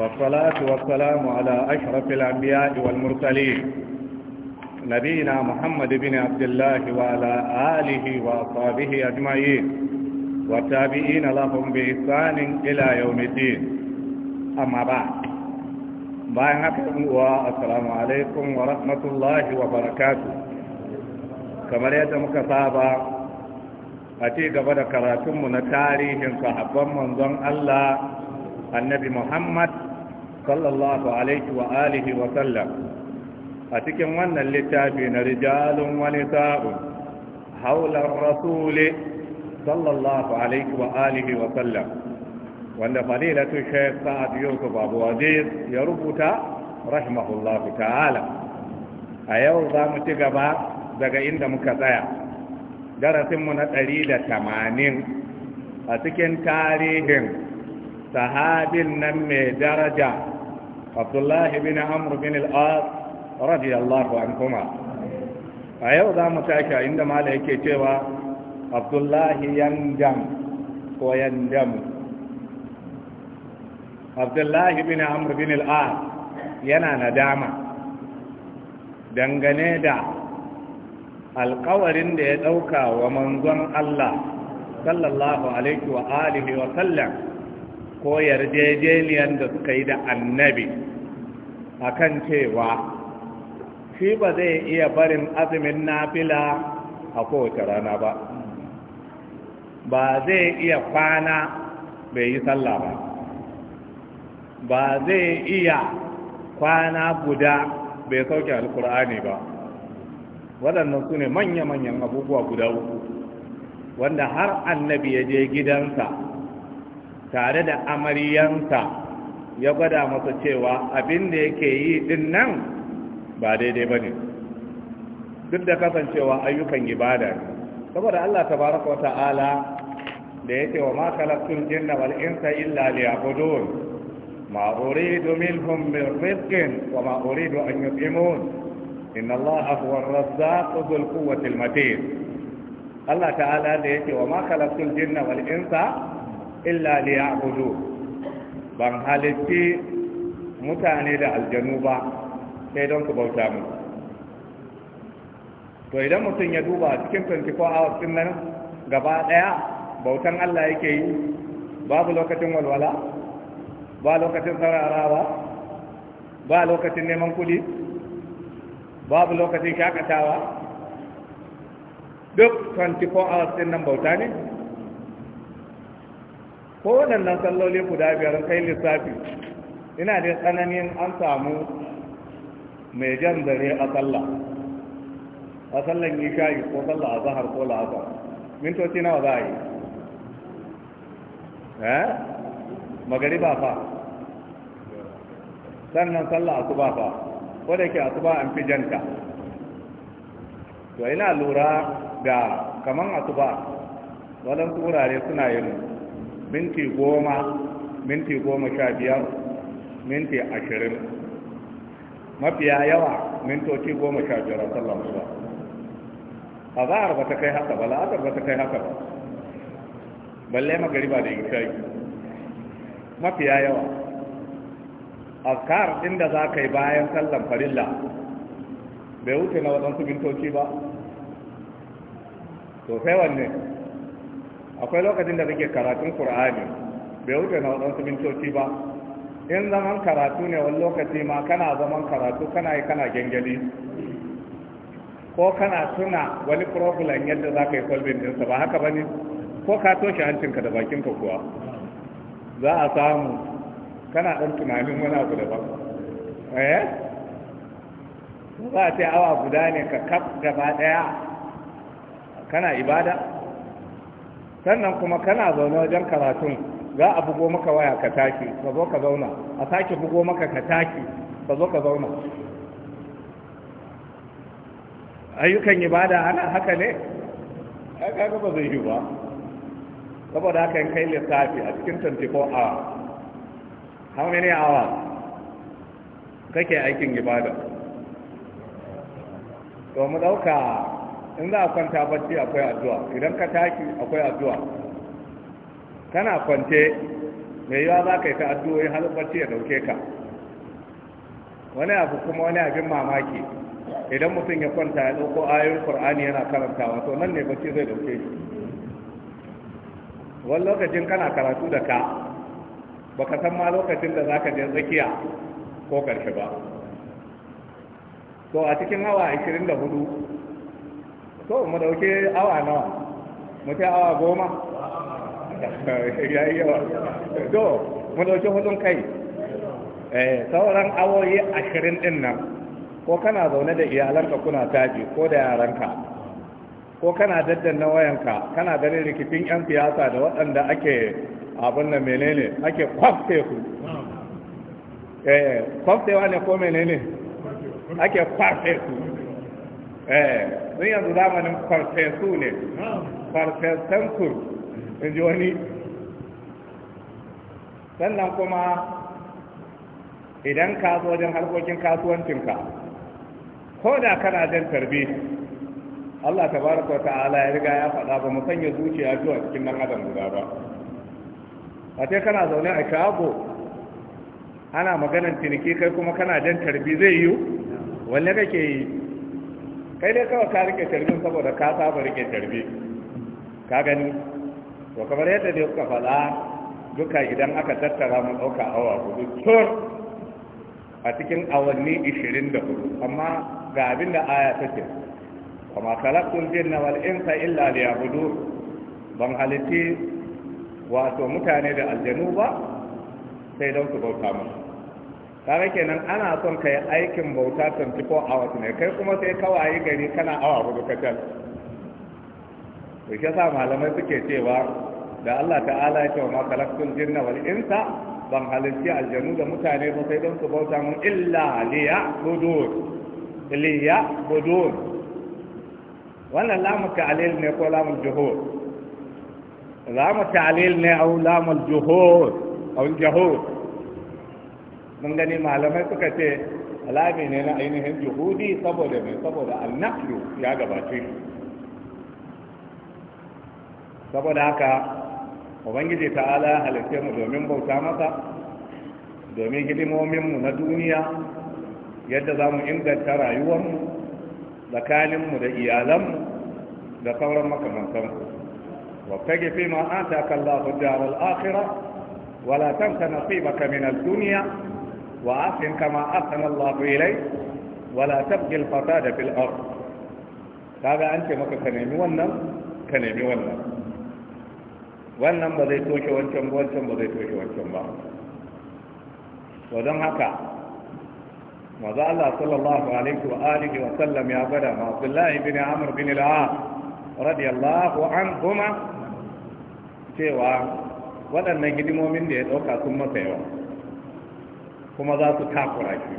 والصلاة والسلام على أشرف الأنبياء والمرسلين نبينا محمد بن عبد الله وعلى آله وأصحابه أجمعين والتابعين لهم بإحسان إلى يوم الدين أما بعد بايعكم والسلام عليكم ورحمة الله وبركاته كما يتمك صابا a ci gaba da karatunmu na tarihin sahabban manzon Allah annabi Muhammad sallallahu alaihi wa alihi wa sallam a cikin wannan littafi na rijalun wani sa'un haular rasuli sallallahu alaihi wa alihi wa sallam wanda fadilatu shaykh sa'ad yusuf abu aziz ya rubuta rahimahullahu ta'ala a yau za mu ci gaba daga inda muka tsaya darasinmu na ɗari da tamanin a cikin tarihin sahabin nan mai daraja abdullahi bin amur bin al'ad radiyallahu an kuma a yau za mu tashi inda mala yake cewa abdullahi yandam ko yandamu abdullahi bin amur bin al'ad yana dama. dangane da alkawarin da ya ɗauka wa manzon Allah sallallahu alaihi wa alihi wa sallam ko yarjejeniyar da suka yi da annabi akan cewa shi ba zai iya barin azumin nafila a kowace rana ba ba zai iya kwana bai yi sallah ba ba zai iya kwana guda bai sauke alkur'ani ba waɗannan su ne manya-manyan abubuwa guda uku wanda har annabi ya je gidansa tare da amaryansa ya gwada masa cewa abin da yake yi din nan ba daidai ba ne duk da kasancewa ayyukan ibada ne saboda Allah tabaraka wa ta'ala da yake wa ma khalaqtul jinna wal insa illa liya'budun ma uridu minhum min rizqin wa ma uridu an yut'imun inna allaha huwa ar-razzaqu dhul quwwati al-matin Allah ta'ala da yake wa ma khalaqtul jinna wal insa illa liya'budu ban mutane da aljanu ba sai don bauta mu to idan mutum ya duba cikin 24 hours din nan gaba daya bautan Allah yake yi babu lokacin walwala ba lokacin sararawa ba lokacin neman kuɗi babu lokacin shakatawa duk 24 hours din nan bauta ne ko waɗannan salloli guda biyar kai lissafi ina da tsananin an samu mai jan dare a sallah a sallan shayi, ko sallah a zahar ko la'aza mintoci nawa za a yi eh ba fa sannan sallah ba fa ko da yake asuba an fi janta to ina lura ga kaman asuba waɗansu wurare suna yin minti goma minti goma sha biyar minti ashirin mafiya yawa mintoci goma sha biyar a sallan asuba a za'ar ba ta kai haka ba la'atar ba ta kai haka ba balle magariba da yi shayi mafiya yawa azkar inda za ka yi bayan sallan farilla bai wuce na waɗansu mintoci ba to sai wanne akwai lokacin da kake karatun qur'ani bai wuce na waɗansu mintoci ba in zaman karatu ne wani lokaci ma kana zaman karatu kana yi kana gengali ko kana tuna wani problem yadda za ka yi solving dinsa, ba haka ba ne ko ka toshe hancinka da bakinka kuwa za a samu kana dan tunanin wani abu da ba eh ba ta awa guda ne ka kaf gaba daya kana ibada sannan kuma kana zaune wajen karatun za a bugo maka waya ka tashi ka zo ka zauna a sake bugo maka ka tashi ka zo ka zauna ayyukan ibada ana haka ne ai kaga ba zai yi ba saboda haka in kai lissafi a cikin 24 hours how many hours kake aikin ibada to mu dauka in za a kwanta bacci akwai addu'a idan ka taki akwai addu'a kana kwance mai yiwa za ka yi ta addu'o'i har bacci ya dauke ka wani abu kuma wani abin mamaki idan mutum ya kwanta ya dauko ayoyin qur'ani yana karantawa to nan ne bacci zai dauke shi wani lokacin kana karatu da ka baka san ma lokacin da zaka je tsakiya ko karshe ba to a cikin awa 24 to mu dauke awa nawa mu ta awa goma yayi yawa to mu dauke hudun kai eh sauran awoyi 20 din nan ko kana zaune da iyalanka kuna taji ko da yaranka ko kana daddanna wayanka kana ganin rikicin yan siyasa da waɗanda ake abin nan menene ake kwafte ku eh wa ne ko menene ake kwafte ku eh sun yanzu zamanin farfesu ne farfesan su in ji wani sannan kuma idan ka zo wajen harkokin kasuwancinka ko da kana jan tarbi Allah tabaraka wa ta'ala ya riga ya faɗa ba mu sanya zuciya zuwa cikin nan adam guda ba a sai kana zaune a shago ana maganan ciniki kai kuma kana jan tarbi zai yiwu wanne kake yi kai dai kawai ka rike tarbi saboda ka saba rike tarbi ka gani to kamar yadda dai kuka faɗa duka idan aka tattara mu ɗauka awa hudu tur a cikin awanni ishirin da hudu amma ga abin da aya ta ce kuma kalaktun jinna wal insa illa liyabudu ban halitti wato mutane da aljanu ba sai don su bauta musu tare kenan ana son ka yi aikin bauta 24 hours ne kai kuma sai kawai gari kana awa hudu kacal to shi sa malamai suke cewa da Allah ta'ala ya ce wa ma khalaqtul jinna wal insa ban halitti aljanu da mutane ba sai don su bauta mun illa liya budun liya budun wannan lamuka alil ne ko lamun juhur lamu ta'lil ne au lamul juhud au gani malamai suka ce alami ne na ainihin juhudi saboda mai saboda annafiyu ya gabace saboda haka ubangiji ta'ala halitta mu domin bauta masa domin hidimominmu na duniya yadda za mu inganta rayuwarmu tsakaninmu da iyalanmu da sauran makamantansu وابتغ فيما آتاك الله الدار الآخرة ولا تنس نصيبك من الدنيا وأحسن كما أحسن الله إليك ولا تبقي الفساد في الأرض هذا أنت ما كنمي ونم كنمي ونم ونم بذي توشي ونشم ونشم بذي توشي ونشم با وذن هكا وذا الله صلى الله عليه وآله وسلم يا بدا عبد الله بن عمرو بن العاص رضي الله عنهما cewa waɗannan hidimomin da ya ɗauka sun masa yawa kuma za su takura shi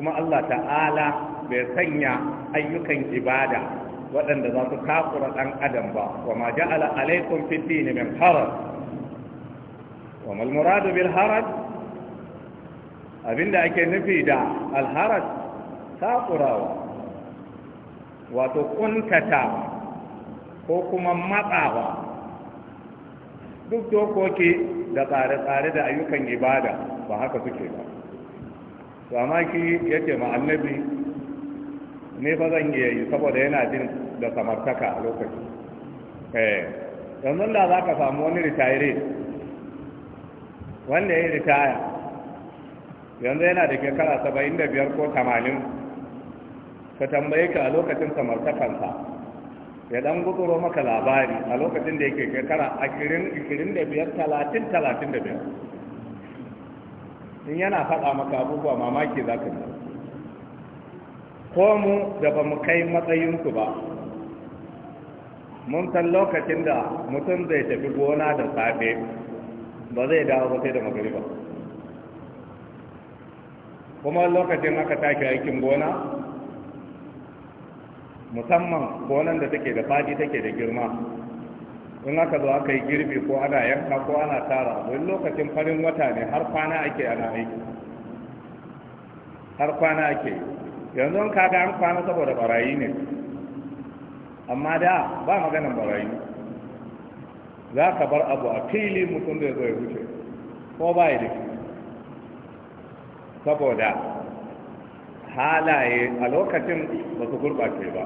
kuma Allah ta'ala bai sanya ayyukan ibada waɗanda za su takura ɗan adam ba wa ma ja'ala alaikum fid din min haraj wa mal muradu bil haraj abinda ake nufi da al haraj takurawa wato kuntatawa ko kuma matsawa duk dokoki da tsare-tsare da ayyukan ibada ba haka suke ba to amma ki yake ma annabi ne fa zan iya yi saboda yana jin da samartaka a lokaci eh yanzu da za ka samu wani ritayire wanda ya ritaya yanzu yana da shekara 75 da biyar ko tamanin ka tambaye ka a lokacin samartakansa ya dan gutsuro maka labari a lokacin da yake shekara ashirin 25 da biyar talatin talatin da biyar in yana faɗa maka abubuwa mamaki za ka yi ko mu da ba mu kai matsayinsu ba mun san lokacin da mutum zai tafi gona da safe ba zai dawo ba sai da magariba kuma lokacin aka tashi aikin gona musamman gonan da take da fadi take da girma in aka zo aka yi girbi ko ana yanka ko ana tara wani lokacin farin wata ne har kwana ake ana aiki har kwana ake yanzu kaga an kwana saboda barayi ne amma da ba maganin barayi za ka bar abu a fili mutum da ya zo ya wuce ko ba ya da saboda halaye a lokacin ba su gurɓace ba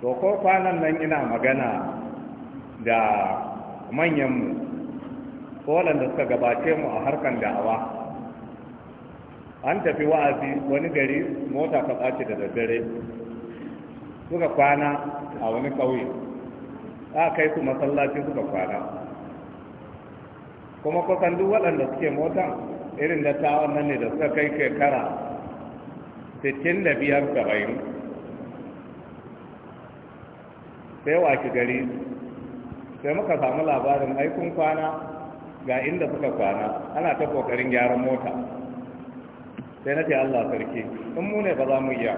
to ko kwanan nan ina magana da manyanmu ko waɗanda suka gabace mu a harkan da'awa an tafi wa'azi wani gari mota ta ɓace da daddare suka kwana a wani ƙauye a kai su masallaci suka kwana kuma kusan duk waɗanda suke mota. irin da ta nan ne da suka kai shekara 65 gabayin sai waki gari sai muka samu labarin aikun kwana ga inda suka kwana ana ta kokarin gyaran mota sai na ce allah sarki in mu ba za mu iya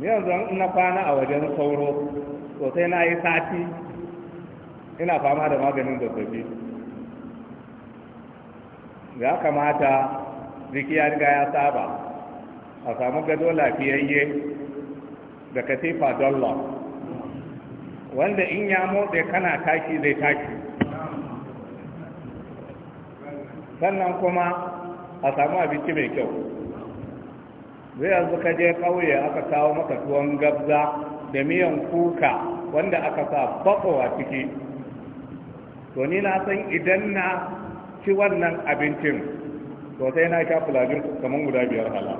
yanzu na kwana a wajen sauro sosai na yi sati ina fama da maganin zazzabi ya kamata jiki ya riga ya saba a samu gado lafiyayye da katifa dollar wanda in ya motsa kana taki zai tashi sannan kuma a samu abinci mai kyau zai yanzu ka je kauye aka kawo maka tuwon gabza da miyan kuka wanda aka sa a ciki to ni na san idan na ci wannan abincin to sai na sha fulajin kamar guda biyar hala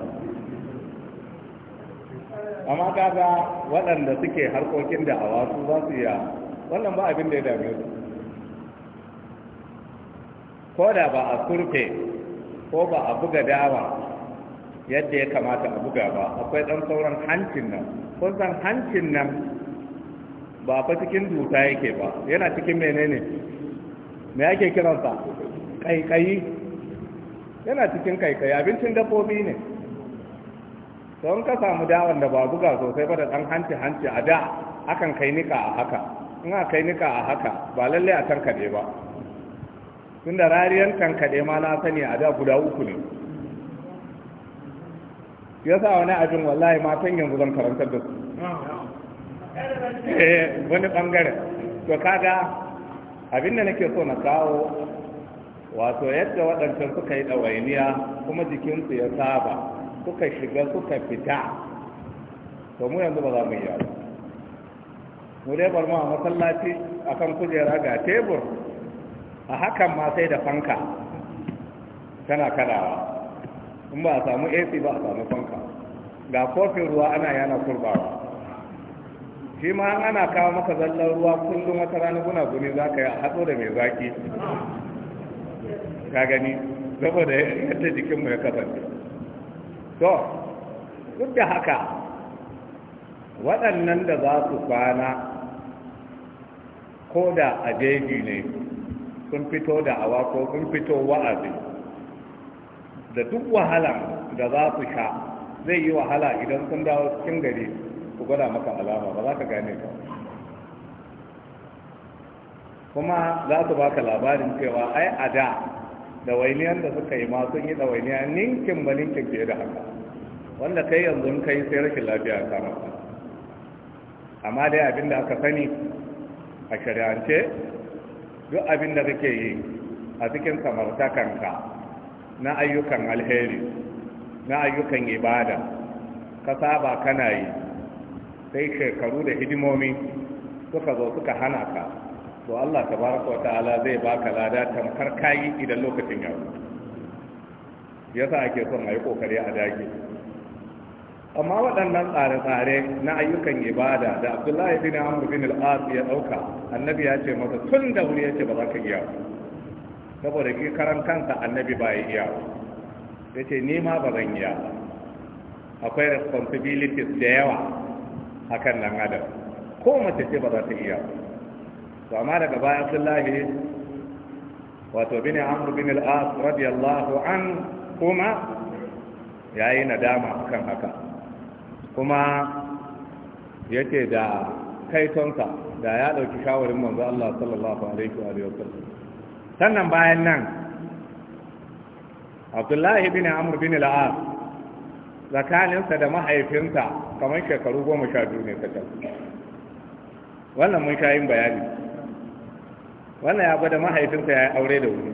amma kaga waɗanda suke harkokin da a su za su iya wannan ba abin da ya dame su ko da ba a surfe ko ba a buga dawa yadda ya kamata a buga ba akwai ɗan sauran hancin nan kun san hancin nan ba fa cikin duta yake ba yana cikin menene me ake kiransa kaikayi yana cikin kaikayi abincin dabbobi ne don ka samu dawan da ba buga sosai ba da ɗan hanci hanci a da akan kai nika a haka in aka kai nika a haka ba lalle a tankaɗe ba tun da rariyar tankaɗe ma na sani a da guda uku ne ya sa wani abin wallahi matan yanzu zan karantar da su eh, wani bangare to kaga abin da nake so na kawo wato yadda waɗancan suka yi ɗawainiya kuma jikinsu ya saba suka shiga suka fita to mu yanzu ba za mu yi ba. mu dai bar ma masallaci akan kujera ga tebur a hakan ma sai da fanka tana kadawa in ba a samu ac ba a samu fanka ga kofin ruwa ana yana kurbawa shi ma ana kawo maka zallar ruwa kullum wata rana guna guni za ka yi a hatso da mai zaki ka gani saboda yadda jikinmu ya kasance to duk da haka waɗannan da za su kwana ko da a jeji ne sun fito da awa ko sun fito wa'azi da duk wahala da za su sha zai yi wahala idan sun dawo cikin gari ku gwada maka alama ba za ka gane ka kuma za su baka labarin cewa ai a da ɗawainiyar da suka yi ma sun yi ɗawainiya ninkin ba ninkin fiye da haka wanda kai yanzu kai sai rashin lafiya ta maka amma dai abin da aka sani a shari'ance duk abin da kake yi a cikin samartakanka na ayyukan alheri na ayyukan ibada ka saba kana yi sai shekaru da hidimomi suka zo suka hana ka to Allah ta baraka wa ta'ala zai baka lada tamkar kayi idan lokacin ya yasa ake son a yi kokari a dage amma waɗannan tsare-tsare na ayyukan ibada da abdullahi bin amr bin al ya dauka annabi ya ce masa tun da wuri ce ba za ka iya saboda ki karan kansa annabi ba ya iya yace ni ma ba zan iya akwai responsibilities da yawa kan nan adam ko mace ce ba za ta iya to amma daga baya sun wato bin amr bin al-as radiyallahu an kuma yayi nadama kan haka kuma yake da kaitonsa da ya dauki shawarin manzo Allah sallallahu alaihi wa sallam sannan bayan nan Abdullahi bin Amr bin al-As zakaninsa da mahaifinsa kamar shekaru goma sha biyu ne kacal wannan mun sha yin bayani wannan ya gwada mahaifinsa ya yi aure da wuri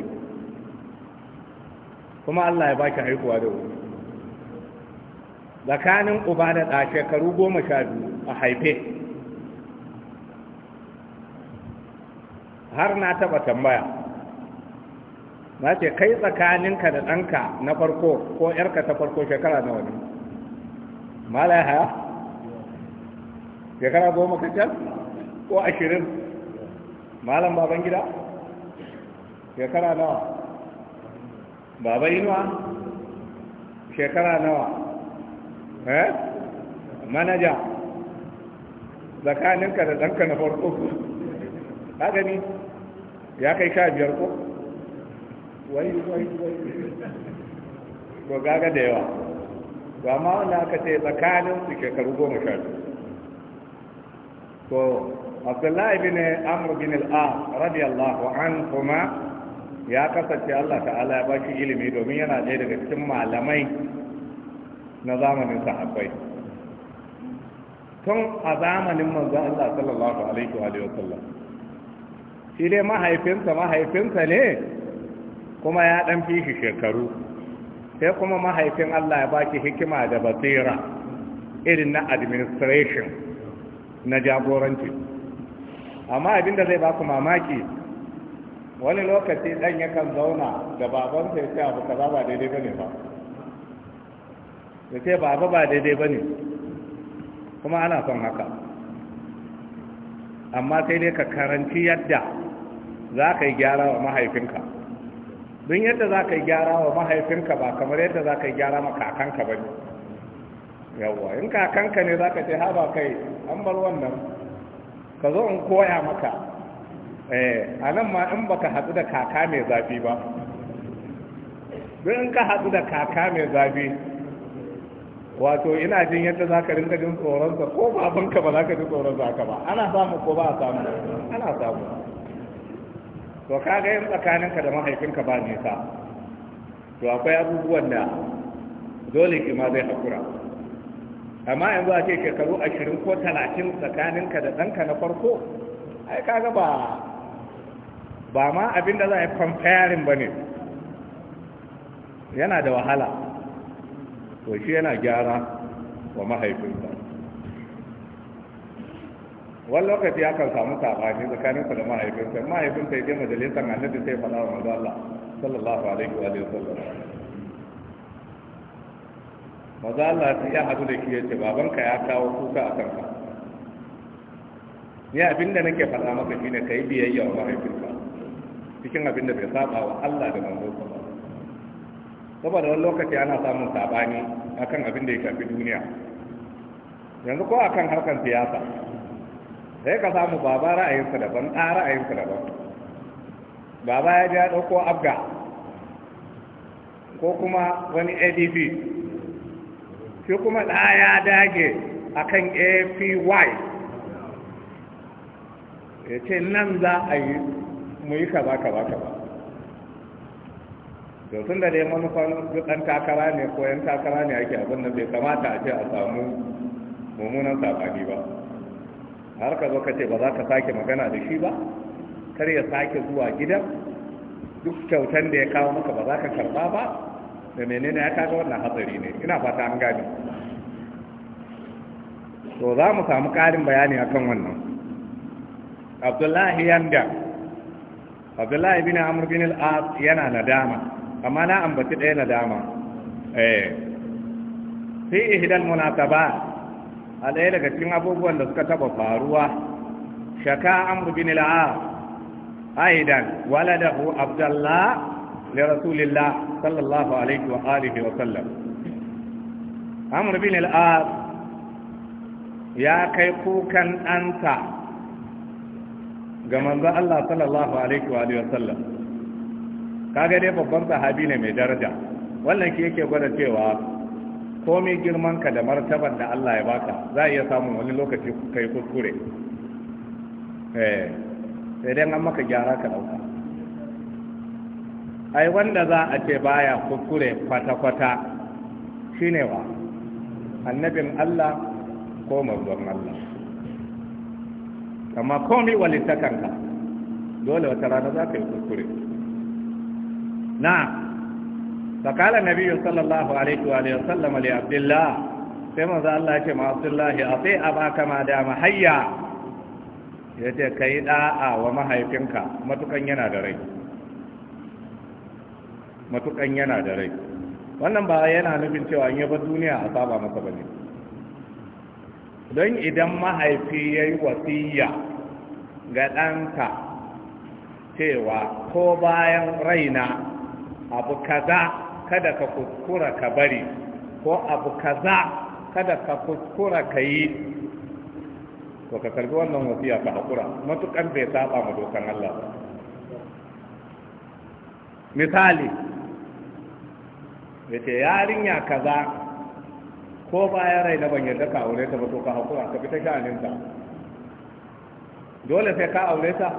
kuma Allah ya baki haihuwa da wuri Zakanin uba da ɗa shekaru goma sha biyu a haife har na taɓa tambaya na ce kai tsakaninka da ɗanka na farko ko ‘yarka ta farko shekara na wani mala ya haya shekara goma kacal ko ashirin malam baban gida shekara nawa baba inuwa shekara nawa eh manaja tsakaninka da ɗanka na farko ka gani ya kai sha biyar ko wai wai wai ko gaga da yawa to amma wanda aka ce tsakanin su shekaru goma sha biyu abdullahi bin amr bin al-as radiyallahu anhuma ya kasance Allah ta'ala ya baki ilimi domin yana ɗaya daga cikin malamai na zamanin sahabbai tun a zamanin manzon Allah sallallahu alaihi wa sallam shi dai mahaifinsa mahaifinsa ne kuma ya ɗan fi shekaru sai kuma mahaifin Allah ya baki hikima da basira irin na administration na jagoranci amma abin da zai ba ku mamaki wani lokaci ɗan yakan zauna da babansa ya ce abu kaza ba daidai ba ne ba ya ce baba ba daidai ba ne kuma ana son haka amma sai dai ka karanci yadda za ka yi gyara wa mahaifinka don yadda za ka yi gyara wa mahaifinka ba kamar yadda za ka yi gyara ma kakanka ba ne yawwa in kakanka ne za ka ce haba kai an bar wannan ka zo in koya maka eh, a nan ma in baka haɗu da kaka mai zafi ba in ka haɗu da kaka mai zafi wato ina jin yadda za ka rinka jin tsoronsa ko babanka ba za ka ji tsoronsa ka ba ana samu ko ba a samu ana samu to kaga yin tsakaninka da mahaifinka ba nisa to akwai abubuwan da dole ki ma zai haƙura amma yanzu a ce shekaru ashirin ko talatin tsakaninka da ɗanka na farko ai kaga ba ba ma abin da za a yi kwamfayarin ba ne yana da wahala to shi yana gyara wa mahaifinsa wani lokaci akan samu sabani tsakaninsa da mahaifinsa mahaifinsa ya je majalisar annabi sai faɗa wa manzo Allah sallallahu alaihi wa sallam maza Allah sai ya hadu da shi ya ce babanka ya kawo kuka a kanka ni abinda nake faɗa maka shine kai biyayya wa mahaifinka cikin abin da bai saba wa Allah da manzo ba saboda wani lokaci ana samun sabani akan abin da ya shafi duniya yanzu ko akan harkar siyasa sai ka samu baba ra'ayinsa daban ɗa ra'ayinsa daban baba ya ji ya ɗauko abga ko kuma wani adp shi kuma ɗa ya dage a kan afy ya ce nan za a yi mu yi kaba-kaba-kaba. Da tun da dai manufan ɗan takara ne ko yan takara ne ake abin da bai kamata a ce a samu mummunan saɓani ba har ka zo ka ce ba za ka sake magana da shi ba kar ya sake zuwa gidan duk kyautan da ya kawo maka ba za ka karɓa ba da menene ya kaga wannan hatsari ne ina fata an gani. to za mu samu ƙarin bayani akan wannan abdullahi yanda abdullahi bin amr bin al-as yana nadama amma na ambaci ɗaya nadama eh fi ihdal munasaba a ɗaya daga cikin abubuwan da suka taba faruwa shaka amr bin al-as aidan waladahu abdullah لرسول الله صلى الله عليه وآله وسلم عمرو بن العاص يا كيكوكا أنت ga manzo Allah sallallahu alaihi wa alihi kaga dai babban sahabi ne mai daraja wannan ke yake gwada cewa komai girman ka da martabar da Allah ya baka za a iya samun wani lokaci kai kuskure eh sai dai an maka gyara ka dauka ai wanda za a ce baya kuskure kwata-kwata shine wa annabin Allah ko manzon Allah amma komi walittakanka dole wata rana za ka yi kuskure na na فقال النبي صلى الله عليه وآله وسلم لعبد الله كما ذا الله كما sai a baka ma ما دام Ya ce ka yi ɗa'a wa mahaifinka matukan yana da rai matukan yana da rai wannan ba yana nufin cewa in yaba duniya a saba masa bane don idan mahaifi ya yi wasiya ga ɗanka cewa ko bayan raina abu kaza kada ka kuskura ka bari ko abu kaza kada ka kuskura ka yi to ka karbi wannan wasiya ka haƙura matukan bai saba ma dokan Allah ba misali ya ce yarinya kaza ko bayan rai na ban yarda ka aure ta ba to ka hakura ka fita sha'aninta dole sai ka aure ta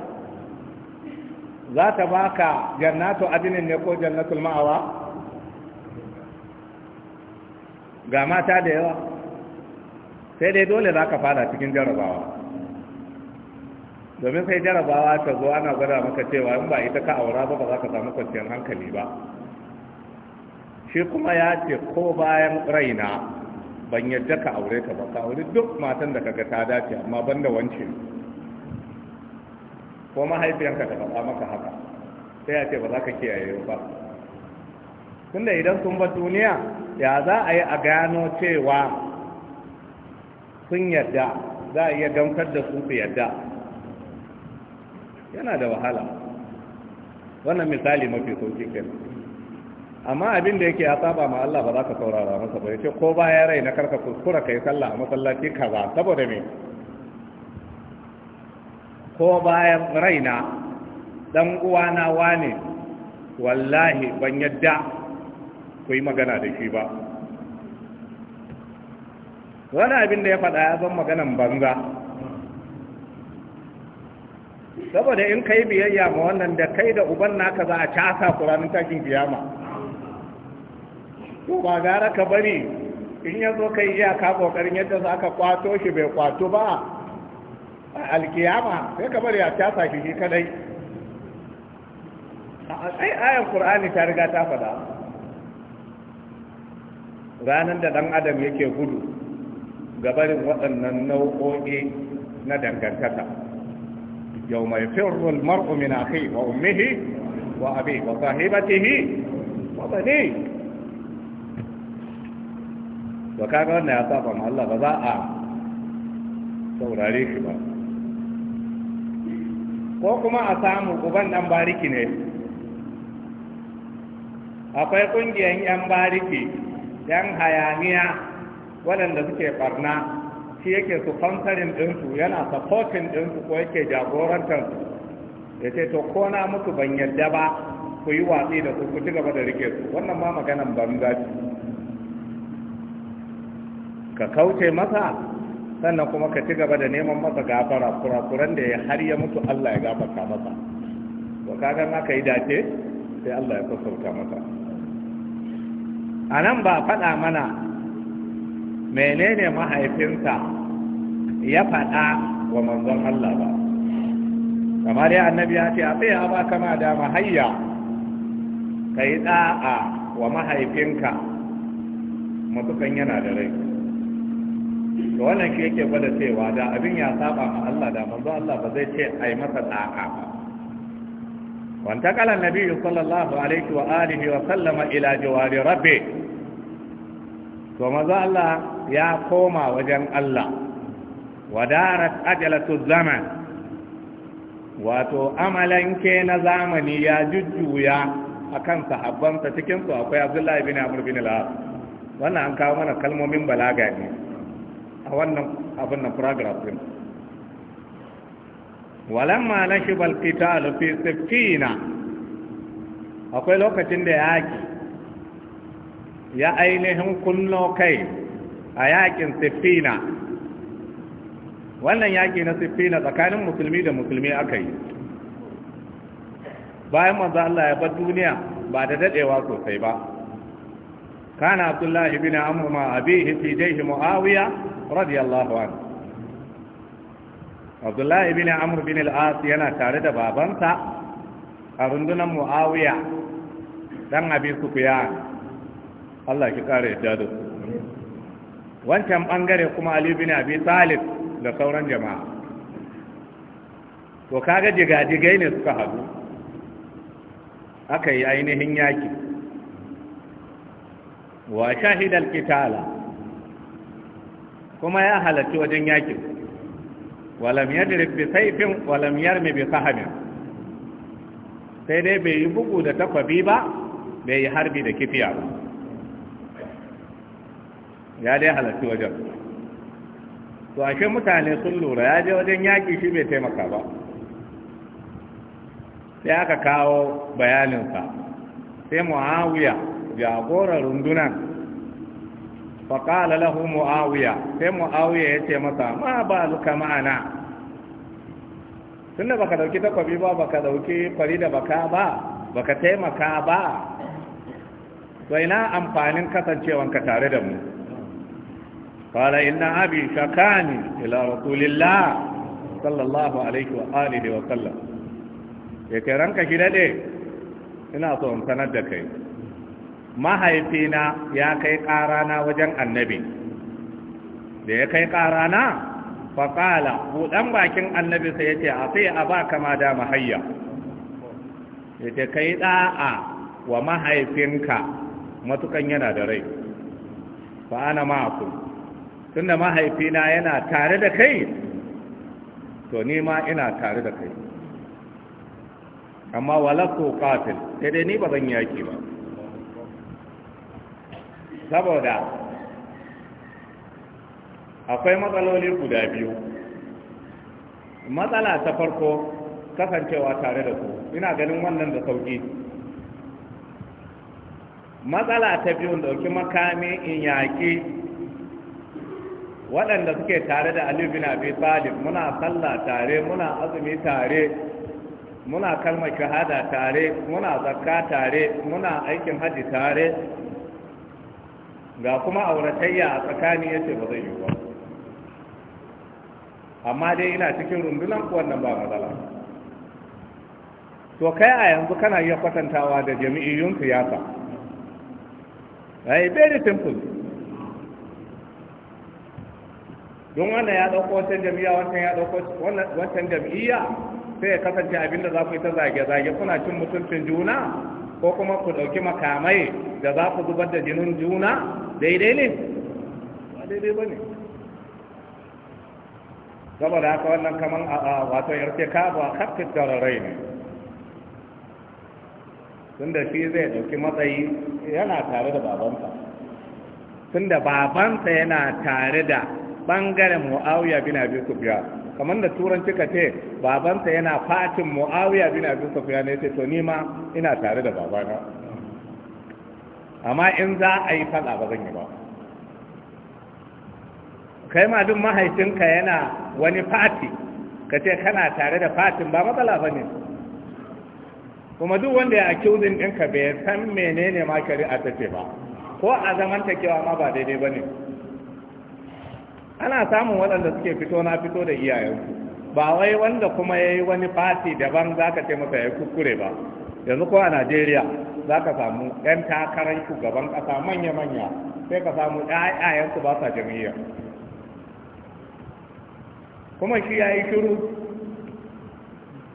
za ta baka jannatu adinin ne ko jannatul ma'awa ga mata da yawa sai dai dole za ka fara cikin jarabawa domin sai jarabawa ta zo ana gwada maka cewa in ba ita ka aura ba ba za ka samu kwanciyar hankali ba shi kuma ya ce ko bayan raina ban yadda ka aure ta ba ka aure duk matan da kaga ta dace amma banda wance ko mahaifiyanka ta faɗa maka haka sai ya ce ba za ka kiyaye ba tunda idan sun ba duniya ya za a yi a gano cewa sun yadda za a iya gankar da su su yadda yana da wahala wannan misali mafi sauki kenan amma abin da yake ya saba ma Allah ba za ka saurara masa ba yace ko baya rai na karka kuskura kai sallah a masallaci kaza saboda me ko bayan raina dan uwa na wane wallahi ban yadda ku yi magana da shi ba wani abin da ya faɗa ya zan maganan banza saboda in kai biyayya ma wannan da kai da uban naka za a casa kuranin takin kiyama to ba gara ka bari in ya zo kai iyaka kokarin yadda za ka kwato shi bai kwato ba a alkiyama sai ka bari a tasa shi shi kadai ai ayan qur'ani ta riga ta faɗa ranar da ɗan adam yake gudu gabarin waɗannan nau'o'i na dangantaka yau mai firrul mar'u min akhi wa ummihi wa abi wa sahibatihi wa bani ba kaga wannan ya saba ma Allah ba za a saurare shi ba ko kuma a samu uban dan bariki ne akwai kungiyan yan bariki yan hayaniya waɗanda suke barna shi yake su fansarin ɗinsu yana supporting ɗinsu ko yake jagorantar su ya ce to ko na mutu ban yadda ba ku yi watsi da su ku ci gaba da rike su wannan ma maganan ban zafi. ka kauce masa sannan kuma ka ci gaba da neman masa gafara kurakuran da ya har ya mutu Allah ya gafarta masa to kaga na ka dace sai Allah ya sassauta masa a ba faɗa mana menene mahaifinsa ya faɗa wa manzon Allah ba kamar ya annabi ya ce a tsaye ba kama da mahayya ka yi ɗa'a wa mahaifinka matukan yana da rai to wannan shi yake gwada cewa da abin ya saba ma Allah da manzo Allah ba zai ce ai masa da'a ba wanta kala nabi sallallahu alaihi wa alihi wa sallama ila jawari rabbi to manzo Allah ya koma wajen Allah wadarat ajalatu zaman wato amalan ke na zamani ya jujjuya akan sahabbansa cikinsu akwai Abdullahi bin Amr bin al wannan an kawo mana kalmomin balaga ne a wannan abin na paragraph din walamma nashibal qital fi sifina akwai lokacin da yaƙi. ya ainihin kunno kai a yakin sifina wannan yaƙi na sifina tsakanin musulmi da musulmi aka yi bayan manzo Allah ya bar duniya ba da dadewa sosai ba كان عبد الله بن عمرو مع أبيه في جيش معاوية رضي الله عنه عبد الله بن عمرو بن العاص ينا تارد بابنسا أرندنا معاوية دان أبي سفيان الله كتار إجاده wancan bangare kuma Ali bin Abi Talib da sauran jama'a to kaga jigajigai ne suka hagu aka yi ainihin yaki wa shahidal kitala kuma ya halarci wajen yakin walam yadrib bi sayfin walam yarmi bi sahabin sai dai bai yi bugu da takwabi ba bai yi harbi da kifiya ba ya dai halarci wajen to ashe mutane sun lura ya je wajen yaƙi shi bai taimaka ba sai aka kawo bayaninsa sai muawiya jagorar rundunan faƙala lahu mu'awiya sai mu'awiya ya ce masa ma ba luka ma'ana tun da baka dauki takwabi ba baka dauki fari da baka ba baka taimaka ba to ina amfanin kasancewanka tare da mu qala inna abi shakani ila rasulillah sallallahu alaihi wa alihi wa sallam ya kai ranka shi ina so in sanar da kai mahaifina ya kai ƙarana wajen annabi da ya kai ƙarana faƙala buɗan bakin annabi sai ya ce a sai a ba kama da mahayya ya ce kai wa mahaifinka matukan yana da rai ba ana ma tun da mahaifina yana tare da kai to ni ma ina tare da kai amma walakko ko sai dai ni ba zan yaki ba saboda akwai matsaloli guda biyu matsala ta farko kasancewa tare da su ina ganin wannan da sauki matsala ta biyu dauki makami in yaƙi waɗanda suke tare da aliyu bin abi talib muna sallah tare muna azumi tare muna kalmar shahada tare muna zakka tare muna aikin haji tare ga kuma auratayya a tsakani ya ce ba zai yi ba amma dai ina cikin rundunan wannan ba matsala to kai a yanzu kana iya kwatantawa da jami'iyyun siyasa ai eh, very simple don wannan ya dauko wancan jami'a wancan ya ɗauko wancan jami'a sai ya kasance abinda za ku yi ta zage-zage kuna cin mutuncin juna ko kuma ku ɗauki makamai da za ku zubar da jinin juna daidai ne ba daidai ba ne saboda haka wannan kamar a wato yarce ka ba kafin tararai ne tunda shi zai ɗauki matsayi yana tare da babansa tunda babansa yana tare da ɓangaren mu'awiyar bin su sufyan kamar da turanci ka ce babansa yana fatin muawiya bin abi ne, sai to ni ma ina tare da babana amma in za a yi fada ba zan yi ba kai ma duk mahaifinka yana wani fati ka ce kana tare da fatin ba matsala ba ne kuma duk wanda ya accusing ɗinka bai san menene ma a ta ce ba ko a zaman ta kewa ma ba daidai ba ne ana samun waɗanda suke fito na fito da iyayensu ba wai wanda kuma ya yi wani fati daban za ka ce masa ya kukure ba yanzu ko a najeriya za ka samu 'yan takarar shugaban ƙasa manya-manya sai ka samu 'ya'yayensu ba sa jam'iyya kuma shi ya yi shiru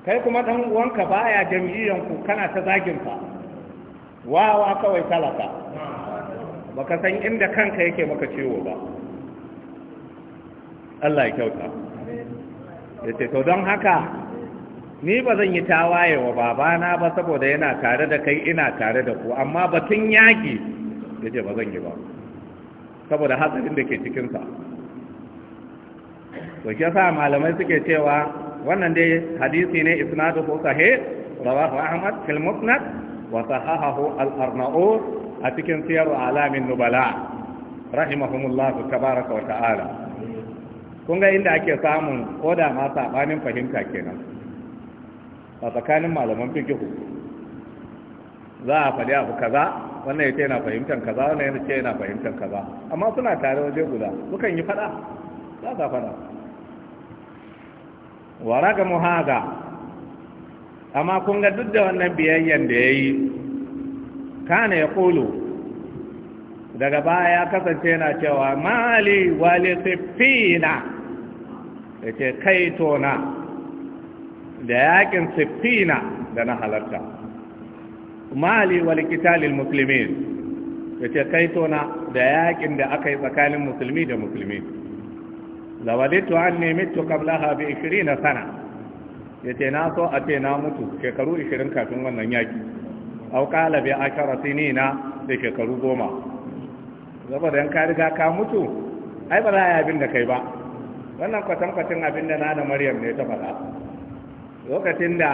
kai kuma ɗan uwanka ba ya jam'iyyanku kana ta zaginsa wawa kawai talaka baka san inda kanka yake maka ciwo ba Allah ya kyauta ya ce don haka ni ba zan yi tawaye wa babana ba saboda yana tare da kai ina tare da ku amma batun yaƙi ya ce ba zan yi ba saboda hatsarin da ke cikinsa to shi yasa malamai suke cewa wannan dai hadisi ne isnadu ko rawa rawahu ahmad fil musnad wa sahahahu al a cikin siyar alamin nubala rahimahumullah tabaraka wa ta'ala kun ga inda ake samun koda ma sabanin fahimta kenan a tsakanin malaman fikihu za a faɗi abu kaza wannan ya ce yana fahimtar kaza wannan ya ce yana fahimtar kaza amma suna tare waje guda sukan yi faɗa za ta faɗa wa raga muhaza amma kun ga duk da wannan biyayyan da ya yi kana ya kulu. daga baya ya kasance na cewa mali wali siffina ya ce kai tona da yakin siffina da na halarta mali wali kitalin musulmi ya ce kai tona da yakin da aka yi tsakanin musulmi da musulmi lawalitu an nemi tukabla habi 20 sana ya ce na so a ce na mutu shekaru 20 kafin wannan yaki auƙala a shara sinina da shekaru goma saboda yan ka riga ka mutu ai ba za a yi abin da kai ba wannan kwatankwacin abin da na da maryam ne ta faɗa lokacin da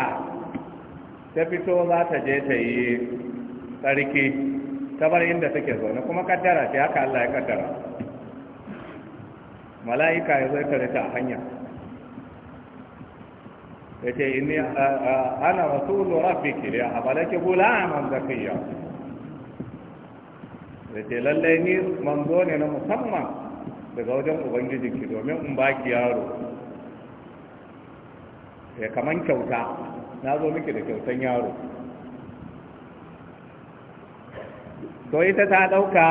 ta fito za ta je ta yi tsarki ta bar inda take zaune kuma kaddara ce haka Allah ya kaddara mala'ika ya zai ta ta a hanya ya ce inni ana rasulu a ya gula gulaman zakiyya da ce lallai ni manzo ne na musamman daga wajen ki domin in baki yaro ya kaman kyauta na zo miki da kyautan yaro to ita ta ɗauka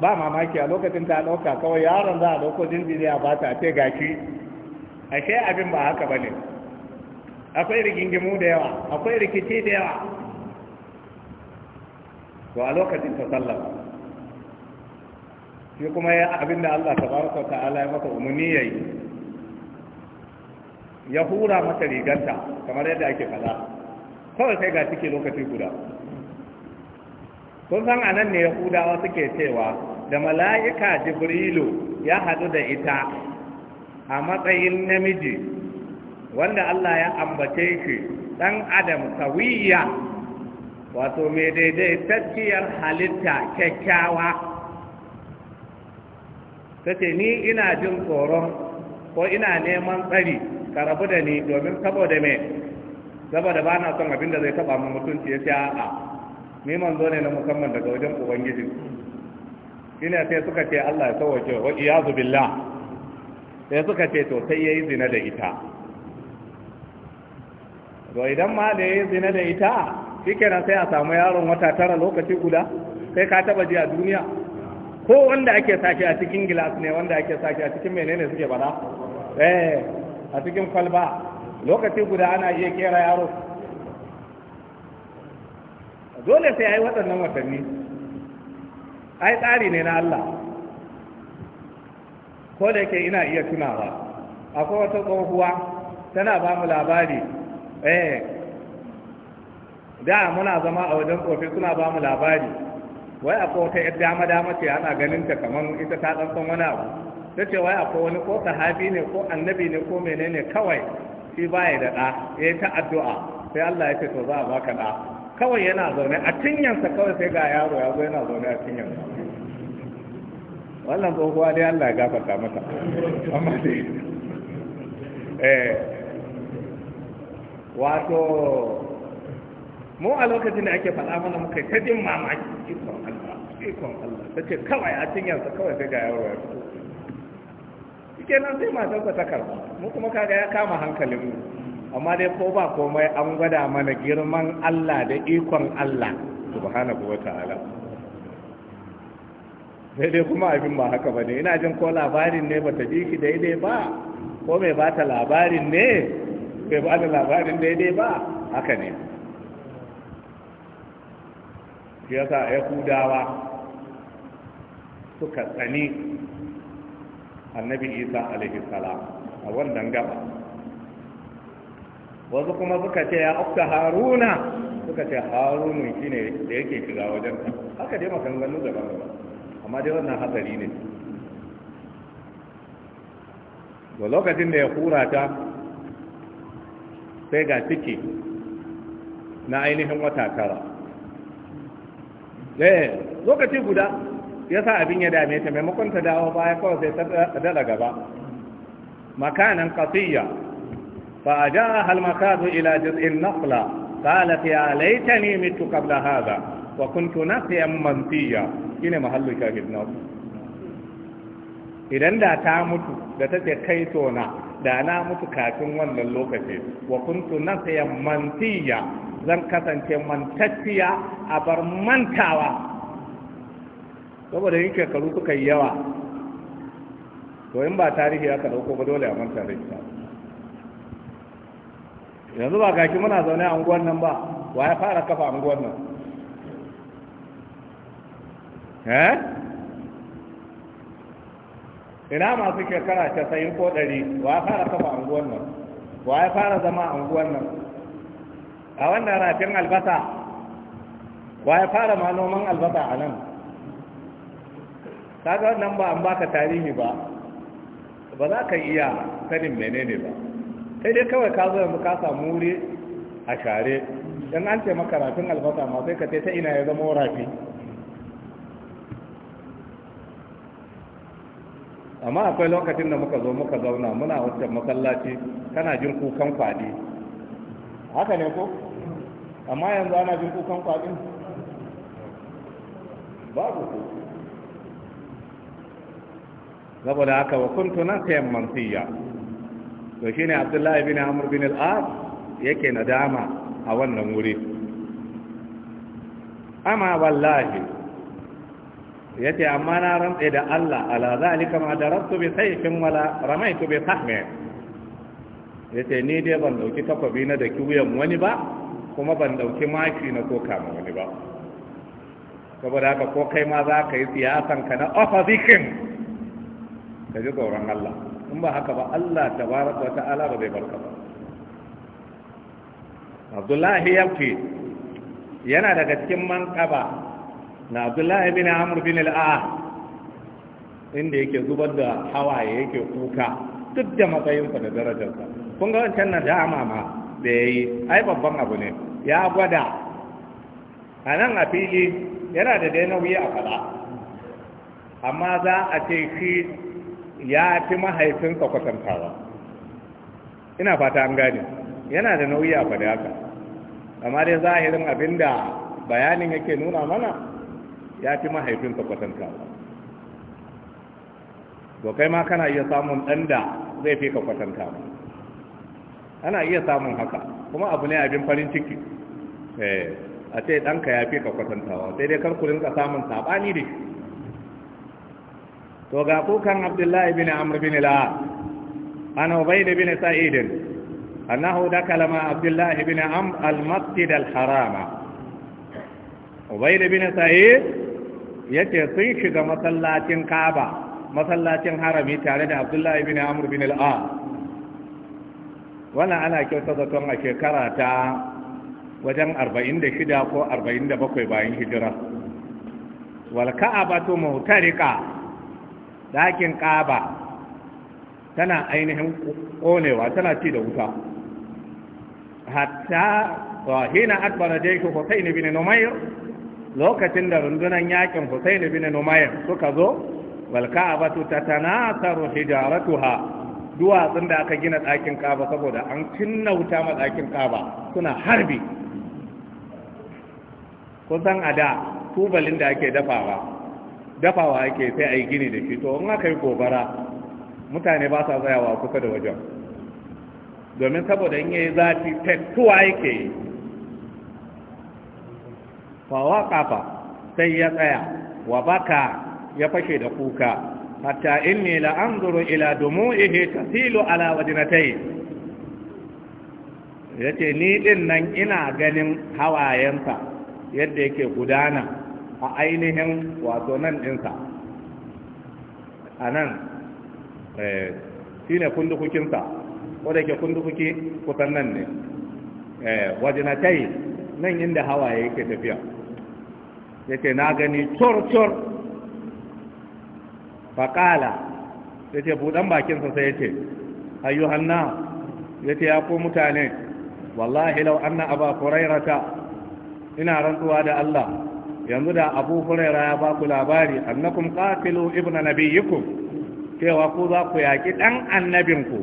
ba mamaki a lokacin ta ɗauka kawai yaron za a ɗauko jinjiri a ba ta ce gashi ashe abin ba haka ba ne akwai rigingimu da yawa akwai rikici da yawa to a lokacin ta sallama shi kuma ya abin da Allah tabaraka ta'ala ya masa umarni yayi ya hura mata riganta kamar yadda ake fada kawai sai ga cike lokaci guda kun san anan ne yahudawa suke cewa da mala'ika jibrilu ya haɗu da ita a matsayin namiji wanda Allah ya ambace shi ɗan adam sawiya wato mai daidai tafiyar halitta kyakkyawa ta ce ni ina jin tsoron ko ina neman tsari ka rabu da ni domin saboda me saboda ba na son abin da zai taba mu mutunci ya ce a ni manzo ne na musamman daga wajen ubangiji ina sai suka ce Allah ya sauke wa iyazu billah sai suka ce to sai yayi zina da ita to idan ma da yayi zina da ita shikenan sai a samu yaron wata tara lokaci guda sai ka taba ji a duniya ko wanda ake sashi a cikin gilas ne wanda ake sashi a cikin menene suke bada eh a cikin kwalba lokaci guda ana iya kera yaro dole sai ai waɗannan watanni ai tsari ne na Allah ko da yake ina iya tunawa akwai wata tsohuwa tana ba mu labari eh da muna zama a wajen kofi suna ba mu labari wai akwai wata yar dama dama ce ana ganin ta kamar ita ta dan san wani abu ta ce wai akwai wani ko sahabi ne ko annabi ne ko menene kawai shi baya da ɗa eh ta addu'a sai Allah ya ce to za a baka ɗa kawai yana zaune a sa kawai sai ga yaro ya zo yana zaune a cinyansa wannan tsohuwa dai Allah ya gafarta mata amma dai eh wato mu a lokacin da ake faɗa mana muka ta jin mamaki ikon Allah ikon Allah ta ce kawai a yansa kawai sai ga yaro ya fito shike nan sai matarsa ta karɓa mu kuma kaga ya kama hankalin mu amma dai ko ba komai an gwada mana girman Allah da ikon Allah subhanahu wataala sai dai kuma abin ba haka bane ina jin ko labarin ne bata ji shi daidai ba ko mai bata labarin ne bai ba da labarin daidai ba haka ne shi yasa yahudawa suka tsani annabi isa alaihi a wannan gaba wasu kuma suka ce ya ofta haruna suka ce harunu shi ne da yake shiga wajen haka dai maganganu daban daban amma dai wannan hatsari ne da lokacin da ya hura ta sai ga ciki na ainihin wata tara Eh, lokaci guda ya sa abin ya dame ta maimakon ta dawo baya kawai sai ta dala gaba makanan qatiya fa ajaha al makadu ila jiz'in nafla qalat ya laitani mitu qabla hadha wa kuntu nasiyan mantiya shine mahallu shahid na idan da ta mutu da ta ce kai tona da na mutu kafin wannan lokaci wa kuntu nasiyan mantiya zan kasance mantacciya a bar mantawa saboda yin shekaru suka yi yawa to in ba tarihi aka dauko ba dole a manta da ita yanzu ba gashi muna zaune a unguwar nan ba wa ya fara kafa unguwar nan eh ina masu shekara casa'in ko ɗari wa ya fara kafa anguwan nan wa ya fara zama anguwan nan a wannan rafin albasa wa ya fara ma noman albasa a nan kaga wannan ba an baka tarihi ba ba za ka iya sanin menene ba sai dai kawai ka zo yanzu ka samu wuri a share don an ce maka rafin albasa ma sai ka ce ta ina ya zama rafi amma akwai lokacin da muka zo muka zauna muna wancan masallaci kana jin kukan kwaɗi haka ne ko amma yanzu ana jin kukan kwaɗin babu ku saboda haka wa kuntu na sayan mansiya to shine abdullahi bin amr bin al-as yake nadama a wannan wuri amma wallahi yace amma na rantsa da Allah ala zalika ma darabtu bi sayfin wala ramaitu bi sahmin yace ni dai ban dauki takwabi na da kiwuyan wani ba kuma ban dauki maki na koka ma wani ba saboda haka ko kai ma za ka yi siyasan ka na opposition ka ji tsoron Allah in ba haka ba Allah tabaraka wa ta'ala ba zai barka ba Abdullahi yake yana daga cikin manƙaba. na abdullahi bin amur bin al'a inda yake zubar da hawaye yake kuka duk da matsayinsa da darajarsa kun ga wancan na dama ma da ya yi ai babban abu ne ya gwada a nan a fili yana da dai nauyi a fada amma za a ce shi ya fi mahaifinsa kwatantawa ina fata an gane yana da nauyi a fada haka amma dai zahirin abinda bayanin yake nuna mana ya fi mahaifinka kwatantawa to kai ma kana iya samun ɗan da zai fi ka kwatantawa ana iya samun haka kuma abu ne abin farin ciki eh, a ce ɗanka ya fi ka kwatantawa sai dai karkulin ka samun saɓani da shi to ga kukan abdullahi bin amr bin la an ubaid bin sa'idin da kalama مع عبد الله al عمرو Harama, الحرام da bin sa'id ce sun shiga masallacin kaba masallacin harami tare da Abdullahi bin amur bin al'a wannan ana kyauta zaton a shekara ta wajen 46 ko 47 bayan hijira wal ka'abatu mutarika dakin kaba tana ainihin konewa tana ci da wuta hatta wa hina akbara jayshu Husayn bin Numayr lokacin da rundunan yakin Husain bin Numayr suka zo wal ka'batu tatanasaru hijaratuha duwatsun da aka gina ɗakin kaba saboda an cinna wuta ma ɗakin kaba suna harbi kusan a da tubalin da ake dafawa dafawa ake sai a gini da shi to in aka yi gobara mutane ba sa tsayawa kusa da wajen domin saboda in yayi zafi tattuwa yake yi fa kafa, sai ya tsaya wa baka ya fashe da kuka hatta inni la anzuru ila dumu'ihi tasilu ala Ya yace ni din nan ina ganin hawayensa yadda yake gudana a ainihin wato nan A anan eh shine kundukukinsa ko da ke kundukuki kusan nan ne eh wajnatai nan inda hawaye yake tafiya ya ce na gani cor-cor faƙala ya ce buɗan bakinsa sai ya ce ayyuhan ya ce ya ku mutane wallahi lau anna aba furairata ina rantsuwa da Allah yanzu da abu furaira ya ba ku labari annakum qatilu ibna nabiyyikum cewa ku za ku yaƙi ɗan annabinku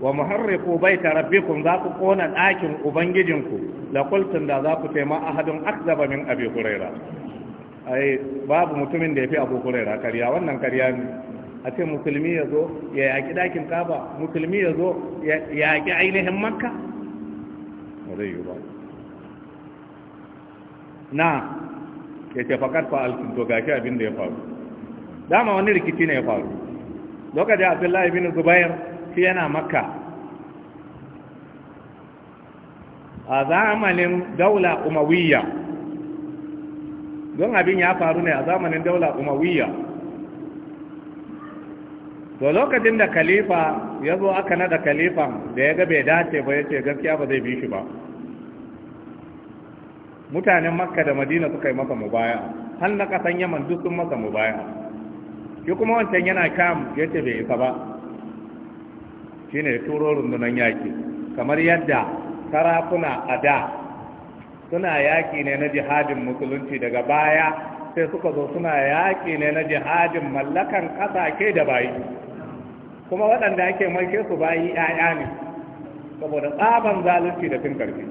wa muharriqu bayta rabbikum za ku kona ɗakin ubangijinku la qultum da za ku ce ma ahadun akzaba min abi hurayra ai babu mutumin da yafi abu hurayra kariya wannan kariya ne a ce musulmi ya zo ya yaƙi ɗakin kaba musulmi ya zo ya yaki ainihin makka ba zai yi ba na ya ce fakat fa to gashi abin da ya faru dama wani rikici ne ya faru lokacin abdullahi bin zubair sai yana makka a zamanin daula umawiyya don abin ya faru ne a zamanin daula umawiyya to lokacin da khalifa ya zo aka nada khalifan da ya ga bai dace ba ya ce gaskiya ba zai bi shi ba mutanen makka da madina suka yi masa mubaya har na kasan yaman duk sun masa mubaya shi kuma wancan yana kam ya ce bai isa ba shine turo rundunan yaƙi, kamar yadda sarakuna a da suna yaƙi ne na jihadin musulunci daga baya sai suka zo suna yaƙi ne na jihadin mallakan ƙasashe da bayi kuma waɗanda ake mulke su bayi 'ya'ya ne saboda tsaban zalunci da fin karfi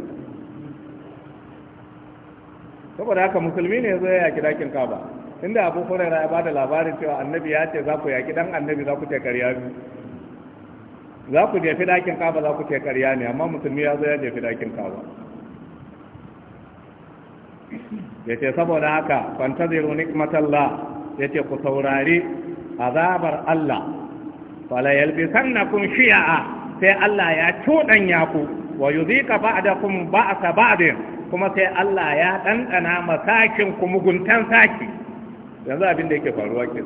saboda haka musulmi ne zai yaƙi dakin kaba inda abu hurairah ya bada labarin cewa annabi ya ce za ku yaki dan annabi za ku ce karyar biyu za ku jefi ɗakin kaba za ku ce karya ne amma musulmi ya zo ya jefi ɗakin kaba ya ce saboda haka kwanta ziru nikmatallah ya ce ku saurari azabar Allah fala yalbi sanna kun shi'a sai Allah ya cuɗanya ku wa yuzika kun ba'asa ba'din kuma sai Allah ya ɗanɗana masakin ku muguntan saki yanzu abin da yake faruwa ke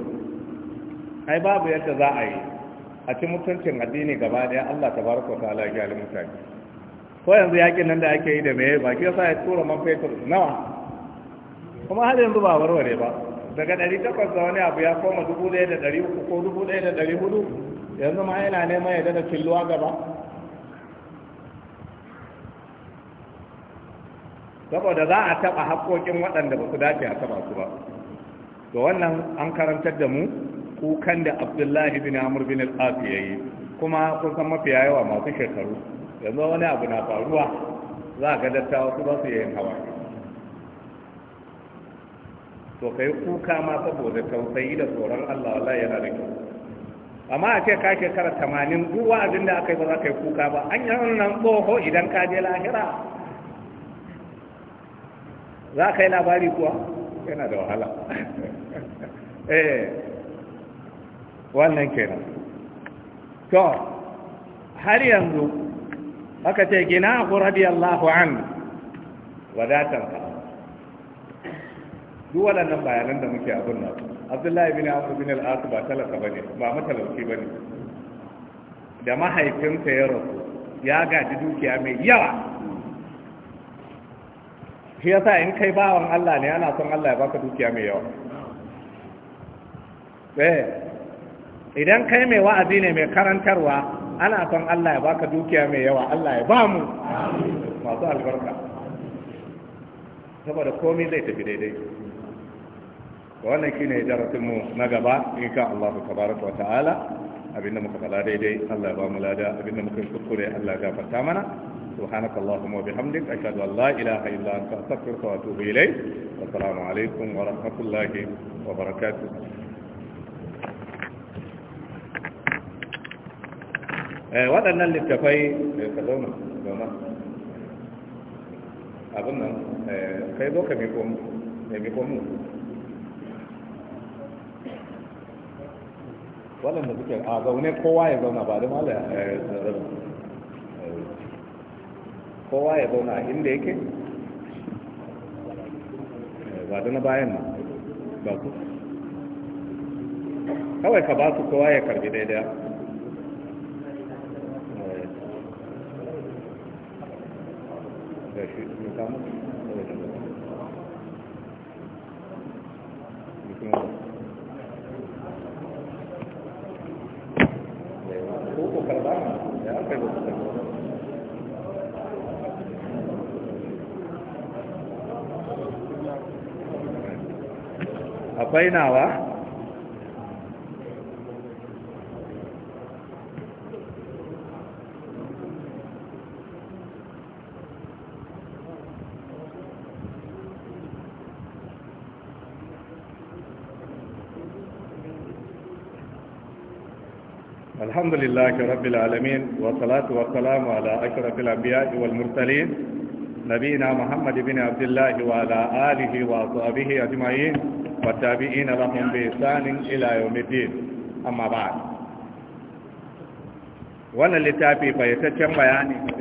ai babu yadda za a yi a ci mutuncin addini gaba daya Allah Ta ta'ala ya ga mutane ko yanzu yakin nan da ake yi da meye ba ke sa ya tura man fetur nawa kuma har yanzu ba warware ba daga 800 da wani abu ya koma 1300 ko 1400 yanzu ma yana neman ya dada killuwa gaba saboda za a taɓa haƙoƙin waɗanda ba su dace a taɓa su ba to wannan an karantar da mu kukan da abdullahi bin amur bin al'af ya yi kuma kusan mafiya yawa masu shekaru yanzu wani abu na faruwa za a ga dattawa su ba su yin hawa to kai kuka ma saboda tausayi da tsoron allah wallahi yana da kyau amma a ce ka shekara tamanin duk wa'azin da aka yi ba za ka yi kuka ba an yi nan tsoho idan ka je lahira za ka yi labari kuwa yana da wahala eh wannan kenan to har yanzu aka ce gina ku radiyallahu an wadatar ka duk waɗannan bayanan da muke abin nan abdullahi bin abu bin al'asu ba talaka ba ne ba matalauci ba ne da mahaifinsa ya rasu ya gaji dukiya mai yawa shi yasa in kai bawan Allah ne ana son Allah ya baka dukiya mai yawa eh, idan kai mai wa'azi ne mai karantarwa ana son Allah ya baka dukiya mai yawa Allah ya ba mu masu albarka saboda komai zai tafi daidai wannan shi ne darasinmu na gaba in ka Allah tabaraka wa ta'ala abinda muka fada daidai Allah ya ba mu lada abinda muka kuskure Allah ya gafarta mana سبحانك اللهم وبحمدك أشهد أن لا إله إلا أنت أستغفرك وأتوب إليك والسلام عليكم ورحمة الله وبركاته Eh, waɗannan littafai eh, ka zauna zauna abin nan eh, kai zo ka miko mu waɗanda suke a zaune kowa ya zauna ba da mala kowa ya zauna inda yake ba da na bayan nan ba ku kawai ka ba su kowa ya karbi daidai ga shi ne samu ya akwai nawa الحمد لله رب العالمين والصلاة والسلام على أشرف الأنبياء والمرسلين نبينا محمد بن عبد الله وعلى آله وصحبه أجمعين والتابعين لهم بإحسان إلى يوم الدين أما بعد وأنا اللي تابي فيتشم بياني